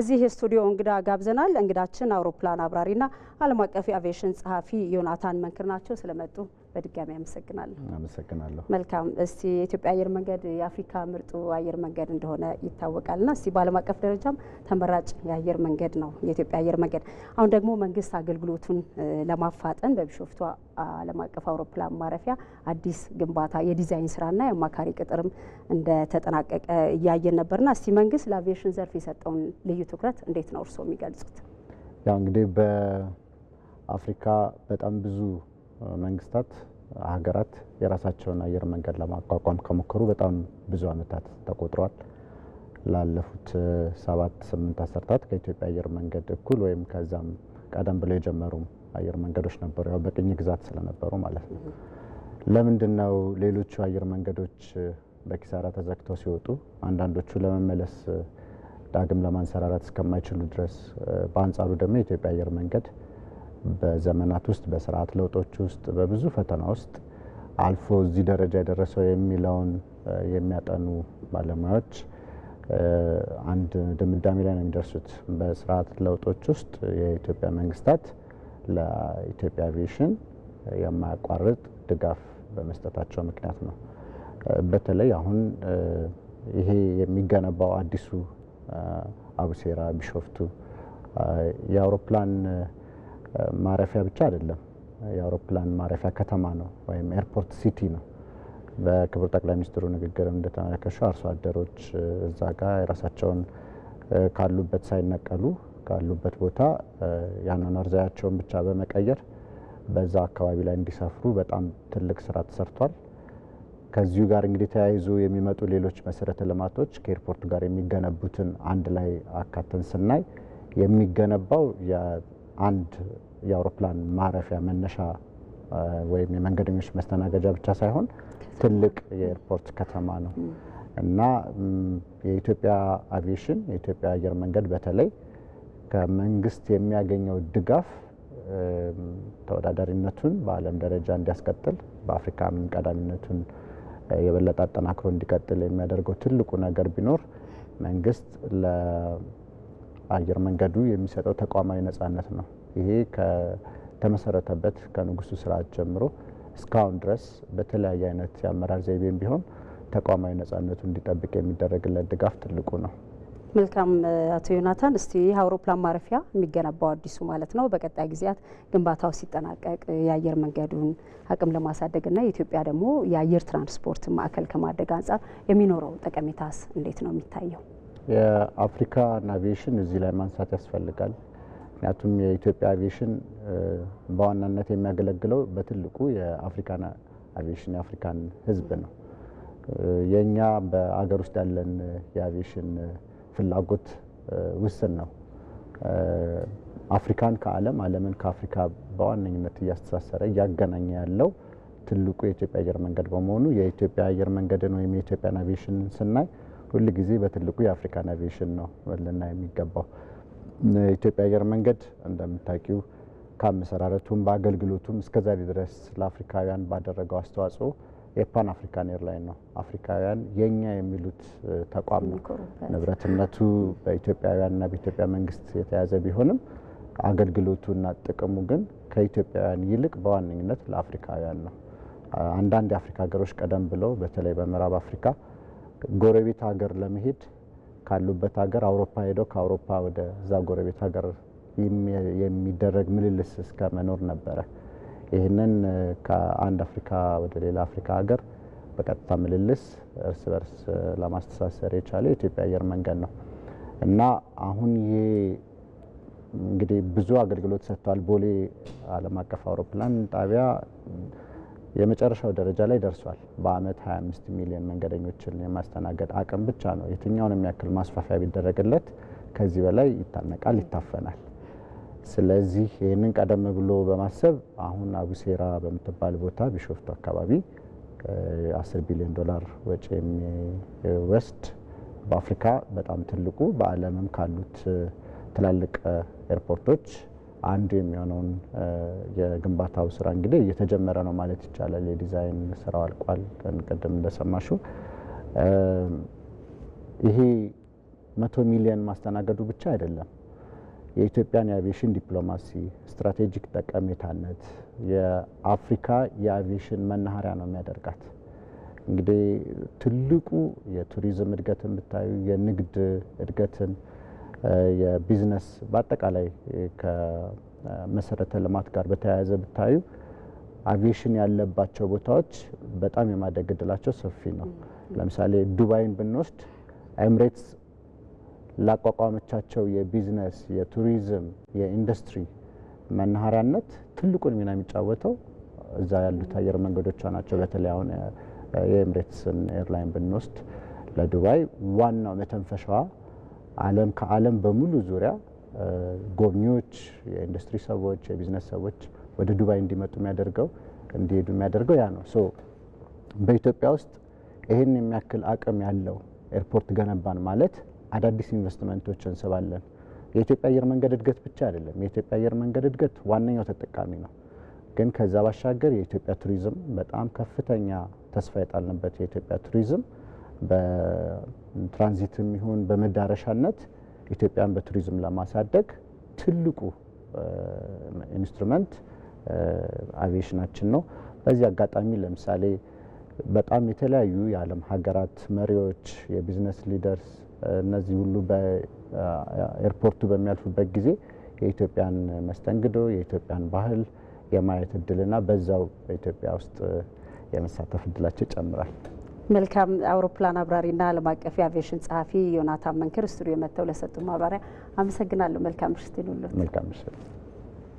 እዚህ የስቱዲዮ እንግዳ ጋብዘናል። እንግዳችን አውሮፕላን አብራሪና ዓለም አቀፍ የአቪዬሽን ጸሐፊ ዮናታን መንክር ናቸው። ስለመጡ በድጋሚ አመሰግናለሁ። አመሰግናለሁ። መልካም። እስቲ የኢትዮጵያ አየር መንገድ የአፍሪካ ምርጡ አየር መንገድ እንደሆነ ይታወቃል እና እስቲ በዓለም አቀፍ ደረጃም ተመራጭ የአየር መንገድ ነው የኢትዮጵያ አየር መንገድ። አሁን ደግሞ መንግስት አገልግሎቱን ለማፋጠን በቢሾፍቱ ዓለም አቀፍ አውሮፕላን ማረፊያ አዲስ ግንባታ የዲዛይን ስራና የአማካሪ ቅጥርም እንደተጠናቀቀ እያየን ነበርና እስቲ መንግስት ለአቪዬሽን ዘርፍ የሰጠውን ልዩ ትኩረት እንዴት ነው እርስዎ የሚገልጹት? ያው እንግዲህ በአፍሪካ በጣም ብዙ መንግስታት፣ ሀገራት የራሳቸውን አየር መንገድ ለማቋቋም ከሞከሩ በጣም ብዙ ዓመታት ተቆጥሯል። ላለፉት ሰባት ስምንት አሰርታት ከኢትዮጵያ አየር መንገድ እኩል ወይም ከዛም ቀደም ብለው የጀመሩ አየር መንገዶች ነበሩ፣ ያው በቅኝ ግዛት ስለነበሩ ማለት ነው። ለምንድን ነው ሌሎቹ አየር መንገዶች በኪሳራ ተዘግተው ሲወጡ አንዳንዶቹ ለመመለስ ዳግም ለማንሰራራት እስከማይችሉ ድረስ፣ በአንጻሩ ደግሞ የኢትዮጵያ አየር መንገድ በዘመናት ውስጥ በስርዓት ለውጦች ውስጥ በብዙ ፈተና ውስጥ አልፎ እዚህ ደረጃ የደረሰው የሚለውን የሚያጠኑ ባለሙያዎች አንድ ድምዳሜ ላይ ነው የሚደርሱት። በስርዓት ለውጦች ውስጥ የኢትዮጵያ መንግስታት ለኢትዮጵያ አቪዬሽን የማያቋርጥ ድጋፍ በመስጠታቸው ምክንያት ነው። በተለይ አሁን ይሄ የሚገነባው አዲሱ አቡሴራ ቢሾፍቱ የአውሮፕላን ማረፊያ ብቻ አይደለም፣ የአውሮፕላን ማረፊያ ከተማ ነው ወይም ኤርፖርት ሲቲ ነው። በክቡር ጠቅላይ ሚኒስትሩ ንግግር እንደተመለከተው አርሶ አደሮች እዛ ጋ የራሳቸውን ካሉበት ሳይነቀሉ ካሉበት ቦታ የአኗኗር ዘያቸውን ብቻ በመቀየር በዛ አካባቢ ላይ እንዲሰፍሩ በጣም ትልቅ ስራ ተሰርቷል። ከዚሁ ጋር እንግዲህ ተያይዞ የሚመጡ ሌሎች መሰረተ ልማቶች ከኤርፖርቱ ጋር የሚገነቡትን አንድ ላይ አካተን ስናይ የሚገነባው አንድ የአውሮፕላን ማረፊያ መነሻ ወይም የመንገደኞች መስተናገጃ ብቻ ሳይሆን ትልቅ የኤርፖርት ከተማ ነው እና የኢትዮጵያ አቪዬሽን የኢትዮጵያ አየር መንገድ በተለይ ከመንግስት የሚያገኘው ድጋፍ ተወዳዳሪነቱን በዓለም ደረጃ እንዲያስቀጥል በአፍሪካም ቀዳሚነቱን የበለጠ አጠናክሮ እንዲቀጥል የሚያደርገው ትልቁ ነገር ቢኖር መንግስት አየር መንገዱ የሚሰጠው ተቋማዊ ነጻነት ነው። ይሄ ከተመሰረተበት ከንጉሱ ስርዓት ጀምሮ እስካሁን ድረስ በተለያየ አይነት የአመራር ዘይቤም ቢሆን ተቋማዊ ነጻነቱ እንዲጠብቅ የሚደረግለት ድጋፍ ትልቁ ነው። መልካም አቶ ዮናታን፣ እስቲ ይህ አውሮፕላን ማረፊያ የሚገነባው አዲሱ ማለት ነው በቀጣይ ጊዜያት ግንባታው ሲጠናቀቅ የአየር መንገዱን አቅም ለማሳደግና የኢትዮጵያ ደግሞ የአየር ትራንስፖርት ማዕከል ከማደግ አንጻር የሚኖረው ጠቀሜታስ እንዴት ነው የሚታየው? የአፍሪካን አቪዬሽን እዚህ ላይ ማንሳት ያስፈልጋል። ምክንያቱም የኢትዮጵያ አቪዬሽን በዋናነት የሚያገለግለው በትልቁ የአፍሪካን አቪዬሽን የአፍሪካን ሕዝብ ነው። የእኛ በአገር ውስጥ ያለን የአቪዬሽን ፍላጎት ውስን ነው። አፍሪካን ከዓለም ዓለምን ከአፍሪካ በዋነኝነት እያስተሳሰረ እያገናኘ ያለው ትልቁ የኢትዮጵያ አየር መንገድ በመሆኑ የኢትዮጵያ አየር መንገድን ወይም የኢትዮጵያን አቪሽን ስናይ ሁል ጊዜ በትልቁ የአፍሪካን አቪዬሽን ነው ልና የሚገባው የኢትዮጵያ አየር መንገድ እንደምታውቂው ከአመሰራረቱም በአገልግሎቱም እስከዛሬ ድረስ ለአፍሪካውያን ባደረገው አስተዋጽኦ የፓን አፍሪካን ኤርላይን ነው። አፍሪካውያን የኛ የሚሉት ተቋም ነው። ንብረትነቱ በኢትዮጵያውያንና በኢትዮጵያ መንግስት የተያዘ ቢሆንም አገልግሎቱና ጥቅሙ ግን ከኢትዮጵያውያን ይልቅ በዋነኝነት ለአፍሪካውያን ነው። አንዳንድ የአፍሪካ ሀገሮች ቀደም ብለው በተለይ በምዕራብ አፍሪካ ጎረቤት ሀገር ለመሄድ ካሉበት ሀገር አውሮፓ ሄደው ከአውሮፓ ወደዛ ጎረቤት ሀገር የሚደረግ ምልልስ እስከ መኖር ነበረ። ይህንን ከአንድ አፍሪካ ወደ ሌላ አፍሪካ ሀገር በቀጥታ ምልልስ እርስ በርስ ለማስተሳሰር የቻለ የኢትዮጵያ አየር መንገድ ነው እና አሁን ይሄ እንግዲህ ብዙ አገልግሎት ሰጥቷል። ቦሌ ዓለም አቀፍ አውሮፕላን ጣቢያ የመጨረሻው ደረጃ ላይ ደርሷል። በአመት 25 ሚሊዮን መንገደኞችን የማስተናገድ አቅም ብቻ ነው። የትኛውንም ያክል ማስፋፊያ ቢደረግለት ከዚህ በላይ ይታነቃል፣ ይታፈናል። ስለዚህ ይህንን ቀደም ብሎ በማሰብ አሁን አቡሴራ በምትባል ቦታ ቢሾፍቱ አካባቢ 10 ቢሊዮን ዶላር ወጪ የሚወስድ በአፍሪካ በጣም ትልቁ በዓለምም ካሉት ትላልቅ ኤርፖርቶች አንዱ የሚሆነውን የግንባታው ስራ እንግዲህ እየተጀመረ ነው ማለት ይቻላል። የዲዛይን ስራው አልቋል። ቅድም እንደሰማሹ ይሄ መቶ ሚሊየን ማስተናገዱ ብቻ አይደለም። የኢትዮጵያን የአቪዬሽን ዲፕሎማሲ ስትራቴጂክ ጠቀሜታነት የአፍሪካ የአቪዬሽን መናኸሪያ ነው የሚያደርጋት። እንግዲህ ትልቁ የቱሪዝም እድገትን ብታዩ የንግድ እድገትን የቢዝነስ በአጠቃላይ ከመሰረተ ልማት ጋር በተያያዘ ብታዩ አቪዬሽን ያለባቸው ቦታዎች በጣም የማደግ እድላቸው ሰፊ ነው። ለምሳሌ ዱባይን ብንወስድ ኤምሬትስ ላቋቋመቻቸው የቢዝነስ፣ የቱሪዝም፣ የኢንዱስትሪ መናኸሪያነት ትልቁን ሚና የሚጫወተው እዛ ያሉት አየር መንገዶቿ ናቸው። በተለይ አሁን የኤምሬትስን ኤርላይን ብንወስድ ለዱባይ ዋናው መተንፈሻዋ ዓለም ከዓለም በሙሉ ዙሪያ ጎብኚዎች፣ የኢንዱስትሪ ሰዎች፣ የቢዝነስ ሰዎች ወደ ዱባይ እንዲመጡ የሚያደርገው እንዲሄዱ የሚያደርገው ያ ነው። ሶ በኢትዮጵያ ውስጥ ይህን የሚያክል አቅም ያለው ኤርፖርት ገነባን ማለት አዳዲስ ኢንቨስትመንቶች እንስባለን። የኢትዮጵያ አየር መንገድ እድገት ብቻ አይደለም። የኢትዮጵያ አየር መንገድ እድገት ዋነኛው ተጠቃሚ ነው። ግን ከዛ ባሻገር የኢትዮጵያ ቱሪዝም በጣም ከፍተኛ ተስፋ የጣልንበት የኢትዮጵያ ቱሪዝም በትራንዚትም ይሁን በመዳረሻነት ኢትዮጵያን በቱሪዝም ለማሳደግ ትልቁ ኢንስትሩመንት አቪዬሽናችን ነው። በዚህ አጋጣሚ ለምሳሌ በጣም የተለያዩ የዓለም ሀገራት መሪዎች፣ የቢዝነስ ሊደርስ እነዚህ ሁሉ በኤርፖርቱ በሚያልፉበት ጊዜ የኢትዮጵያን መስተንግዶ የኢትዮጵያን ባህል የማየት እድልና በዛው በኢትዮጵያ ውስጥ የመሳተፍ እድላቸው ይጨምራል። መልካም አውሮፕላን አብራሪና ዓለም አቀፍ የአቪዬሽን ጸሐፊ ዮናታን መንክር ስቱዲዮ መጥተው ለሰጡ ማብራሪያ አመሰግናለሁ። መልካም ምሽት ምሽት።